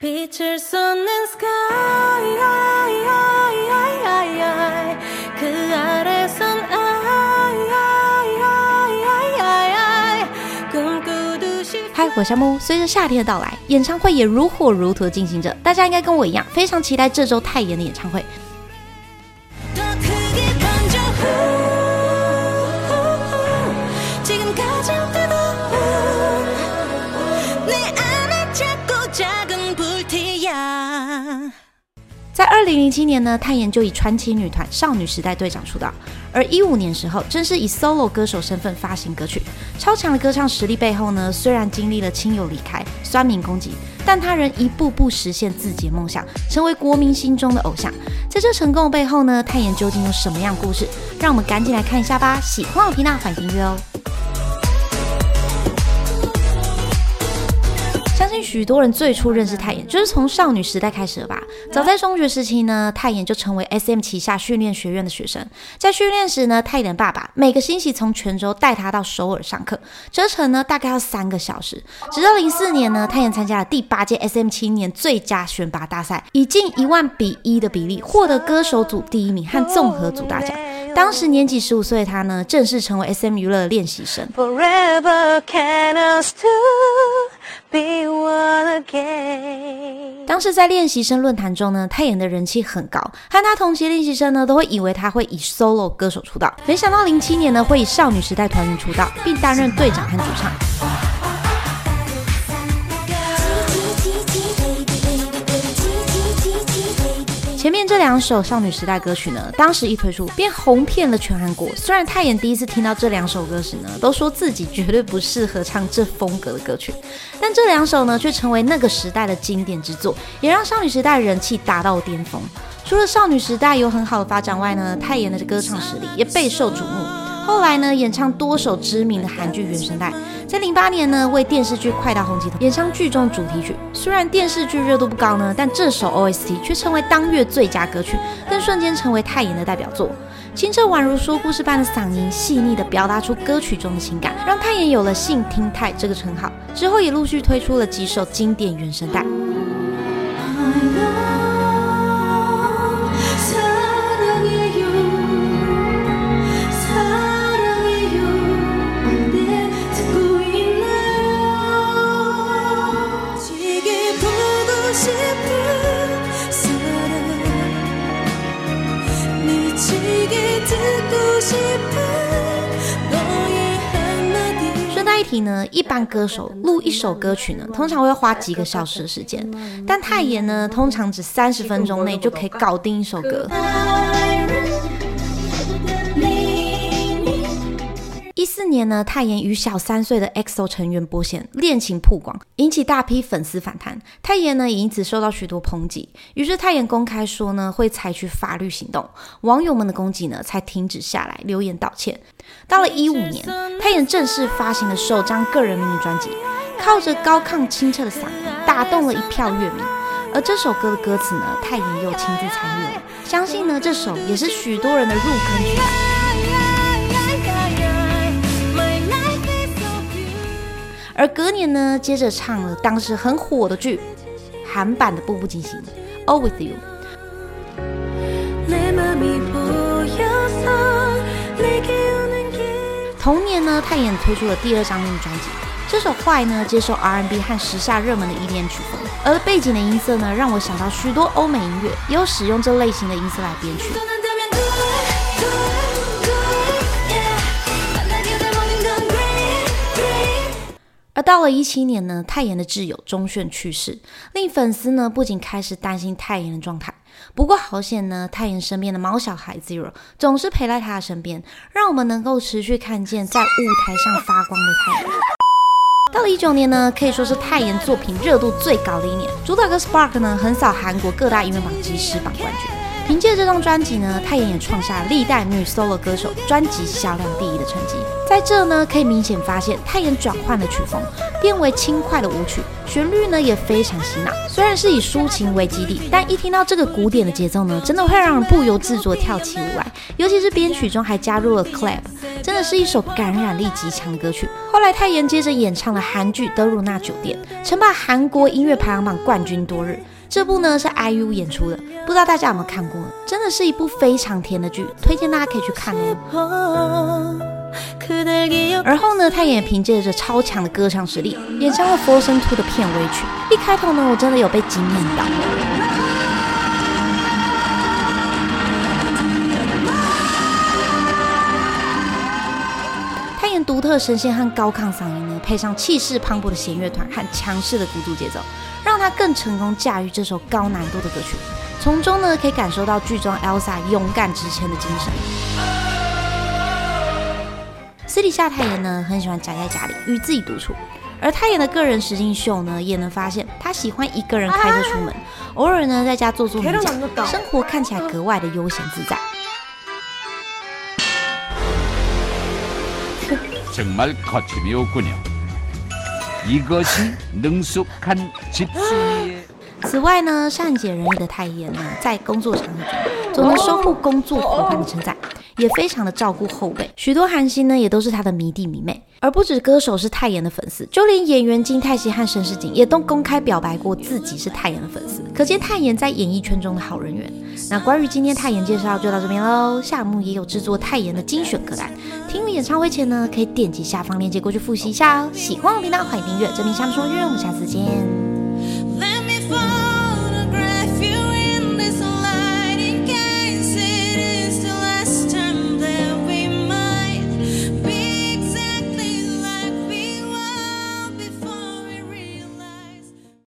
嗨， Hi, 我是夏慕，隨着夏天的到來，演唱會也如火如荼的進行着。大家應該跟我一樣，非常期待這週太妍的演唱會。 在二零零七年呢，泰妍就以傳奇女團少女時代隊長出道，而一五年時候，正式以 solo 歌手身份發行歌曲。超強的歌唱實力背後呢，雖然經歷了親友離開、酸民攻擊，但她仍一步步實現自己的夢想，成為國民心中的偶像。在這成功的背後呢，泰妍究竟有什麼樣故事？讓我們趕緊來看一下吧！喜歡的評論、訂閱哦。許多人最初認識泰妍，就是從少女時代開始的吧？早在中學時期呢，泰妍就成為 S M 旗下訓練學院的學生。在訓練時呢，泰妍的爸爸每個星期從泉州帶她到首爾上課，折成呢大概要三個小時。直到零四年呢，泰妍參加了第八屆 S M 青年最佳選拔大賽，以近一萬比一的比例獲得歌手組第一名和綜合組大獎。當時年僅十五歲的她呢，正式成為 S M 娛樂練習生。forever can us to be 當時在練習生論壇中呢，太妍的人氣很高，和她同期練習生呢都會以為她會以 solo 歌手出道，沒想到零七年呢會以少女時代團名出道，並擔任隊長和主唱。前面這兩首少女時代歌曲呢，當時一推出便紅遍了全韓國。雖然泰妍第一次聽到這兩首歌時呢，都說自己絕對不適合唱這風格的歌曲，但這兩首呢卻成為那個時代的經典之作，也讓少女時代的人氣達到了巔峰。除了少女時代有很好的發展外呢，泰妍的歌唱實力也備受矚目。後來呢，演唱多首知名的韓劇原聲帶，在零八年呢，為電視劇《快刀洪吉童》演唱劇中主題曲。雖然電視劇熱度不高呢，但這首 OST 卻成為當月最佳歌曲，更瞬間成為泰妍的代表作。清澈宛如說故事般的嗓音，細膩地表達出歌曲中的情感，讓泰妍有了“信聽泰”這個稱號。之後也陸續推出了幾首經典原聲帶。順帶一提呢，一般歌手錄一首歌曲呢，通常會花幾個小時的時間，但太妍呢，通常只三十分鐘內就可以搞定一首歌。一四年呢，泰妍與小三歲的 EXO 成員伯賢戀情曝光，引起大批粉絲反彈。泰妍呢，也因此受到許多抨擊。於是泰妍公開說呢，會採取法律行動。網友們的攻擊呢，才停止下來，留言道歉。到了一五年，泰妍正式發行了首張個人迷你專輯，靠着高亢清澈的嗓音打動了一票樂迷。而這首歌的歌詞呢，泰妍又親自參與了。相信呢，這首也是許多人的入坑曲。而隔年呢，接着唱了當時很火的劇，韓版的《步步驚心》，All With You。 同年呢，太妍推出了第二張專輯，這首《壞》呢，接受 R&B 和時下熱門的 EDM 曲，而背景的音色呢，讓我想到許多歐美音樂，也有使用這類型的音色來編曲。 到了一七年呢，泰妍的摯友鐘鉉去世，令粉絲呢不禁開始擔心泰妍的狀態。不過好險呢，泰妍身邊的毛小孩 Zero 總是陪在她的身邊，讓我們能夠持續看見在舞台上發光的泰妍。 到了一九年呢，可以說是泰妍作品熱度最高的一年，主打歌 Spark 呢橫掃韓國各大音樂榜、即時榜冠軍。憑借這張專輯呢，泰妍也創下了歷代女 solo 歌手專輯銷量第一的成績。在這呢，可以明顯發現泰妍轉換了曲風，變為輕快的舞曲，旋律呢也非常洗腦。雖然是以抒情為基底，但一聽到這個古典的節奏呢，真的會讓人不由自主的跳起舞來。尤其是編曲中還加入了 clap，真的是一首感染力極強的歌曲。後來泰妍接着演唱了韓劇《德魯納酒店》，稱霸韓國音樂排行榜冠軍多日。這部呢是 IU 演出的，不知道大家有沒有看過？真的是一部非常甜的劇，推薦大家可以去看哦。嗯、而後呢，他也憑借着超強的歌唱實力，演唱了《Frozen 2》的片尾曲。一開頭呢，我真的有被驚豔到。太妍、嗯、獨特聲線和高亢嗓音呢，配上氣勢磅礴的弦樂團和強勢的鼓組節奏。讓他更成功駕馭這首高難度的歌曲，從中呢可以感受到劇中 Elsa 勇敢直前的精神。私底下太妍呢很喜歡宅在家裡與自己獨處，而太妍的個人實境秀呢也能發現，她喜歡一個人開車出門，偶爾呢在家做做瑜伽，生活看起來格外的悠閒自在。一個心能說看積質、啊。此外呢，善解人意的泰妍呢，在工作場合中，總能收穫工作伙伴的稱讚。也非常的照顧後輩，許多韓星呢也都是他的迷弟迷妹，而不止歌手是泰妍的粉絲，就連演員金泰熙和申世景也都公開表白過自己是泰妍的粉絲，可見泰妍在演藝圈中的好人緣。那關於今天泰妍介紹就到這邊嘍，下目也有制作泰妍的精選歌單，聽演唱會前呢可以點擊下方鏈接過去復習一下哦。喜歡我的頻道歡迎訂閱，這裡是夏慕說音樂我們下次見。